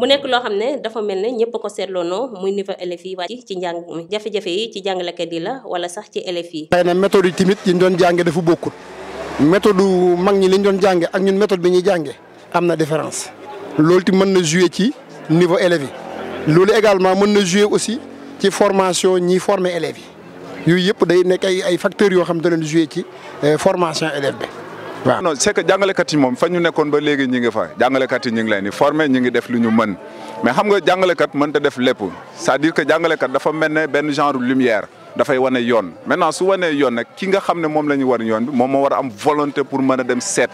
mu nekk loo xam ne dafa mel ne ñëpp ko seetloonoo muy niveau élèves yi wàcc ci njàng mi jafe-jafe yi ci jàngalekat yi la wala sax ci élèves yi. xëy na méthode yi tamit yi ñu doon jànge dafa bokkul méthode mag ñi li ñu doon jànge ak ñun méthode bi ñuy jànge am na différence loolu ti mën na jouer ci niveau élèves yi loolu également mën na jouer aussi ci formation ñi former élèves yi yooyu yëpp day nekk ay ay facteurs yoo xam ne da leen ci euh, formation élève bi. waaw non c'est jàngalekat yi moom fa ñu nekkoon ba léegi ñi ngi fa jàngalekat yi ñu ngi leen di former ñu ngi def lu ñu mën mais xam nga jàngalekat mënta def lépp c'est-à-dire que jàngalekat dafa mel ne benn genre lumière dafay wane yoon maintenant su wanee yoon nag ki nga xam ne moom la ñu war yoon bi moom moo war a am volonté pour mën a dem seet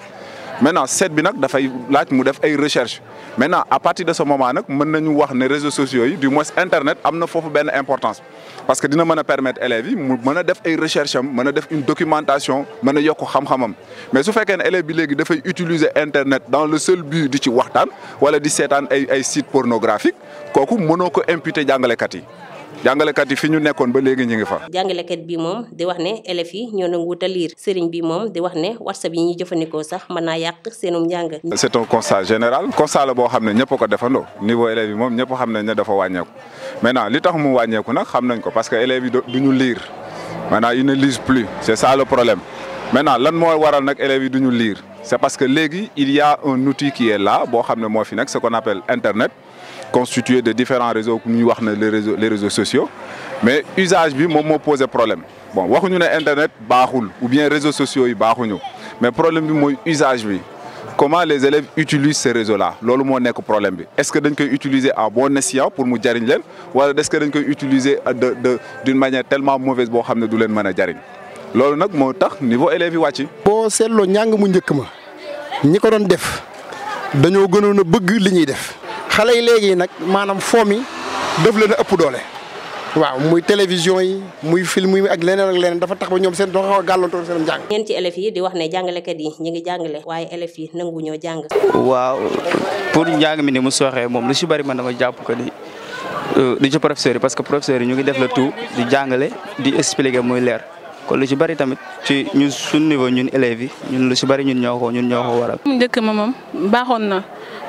maintenant seet bi nag dafay laaj mu def ay recherche maintenant à partir de ce moment nag mën nañu wax ne réseaux sociaux yi du moins internet am na foofu benn importance parce que dina mën a permettre élèves yi mu mën a def ay recherche am mën a def une documentation mën a yokk xam-xamam mais su fekkee ne élève bi léegi dafay utiliser internet dans le seul but di ci waxtaan wala di seetaan ay ay site pornographique kooku mënoo ko imputer jàngalekat yi jàngalekat yi fi ñu nekkoon ba léegi ñu ngi fa. jàngalekat bi moom di wax ne élèves yi ñoo nanguwut a liir sëriñ bi moom di wax ne whatsapp yi ñuy jëfandikoo sax mën naa yàq seenum njàng. c'est un constat général constat la boo xam ne ñëpp ko defando niveau élèves yi moom ñëpp xam nañ ne dafa wàññeeku maintenant li tax mu wàññeeku nag xam nañ ko parce que élèves yi du ñu liir maintenant ils ne lisent plus c'est ça le problème maintenant lan moo waral nag élèves yi du ñu liir c'est parce que léegi il y a un boo xam ne moo fi nekk ce qu'on appelle internet constitué de différents réseaux ñu wax ne les réseaux les réseaux sociaux mais usage bi moom moo posé problème bon waxuñu ne internet baaxul ou bien réseaux sociaux yi baaxuñu mais problème bi mooy usage bi comment les élèves utilisent ces réseaux là loolu moo nekk problème bi est-ce que dañ koy utiliser à bon escient pour mu jariñ leen wala est-ce que dañ koy utiliser de de d'une manière tellement mauvaise boo xam ne du leen mën a jariñ loolu nag moo tax niveau élèves yi wàcc. boo seetloo njàng mu njëkk ma ñi ko doon def dañoo gënoon a bëgg li ñuy def. xale yi léegi nag maanaam foo mi def leen ëpp doole waaw muy télévision yi muy film yi ak leneen ak leneen dafa tax ba ñoom seen doo xaw a gàllantoon seen njàng. ñeen ci élèves yi di wax ne jàngalekat yi ñu ngi jàngale waaye élèves yi nangu ñoo jàng. waaw pour njàng mi ni mu soxee moom lu si bari man dama jàpp ko ni euh, du ci professeurs yi parce que professeurs yi ñu ngi def le tout di jàngale di expliquer muy leer. kon lu ci bari tamit ci ñu suñu niveau ñun élèves yi ñun lu si bari ñun ñoo ko ñun ñoo ko waral. njëkk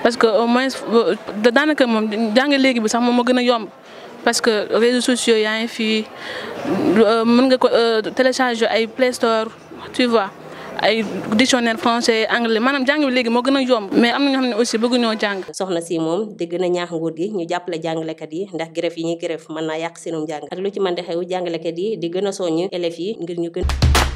parce que au moins euh, daanaka moom jàng léegi bi sax moom moo gën a yomb parce que réseaux sociaux yaa ngi fii euh, mën nga ko euh, télécharger ay Play Store tu vois ay dictionnaire français anglais maanaam jàng bi léegi moo gën a yomb mais am na ñoo xam ne aussi bëgguñoo jàng. soxna si moom di na ñaax nguur gi ñu jàppale jàngalekat yi ndax grève yi ñuy grève mën naa yàq seenum jàng ak lu ci man de xew jàngalekat yi di gën a ñu élèves yi ngir ñu gën.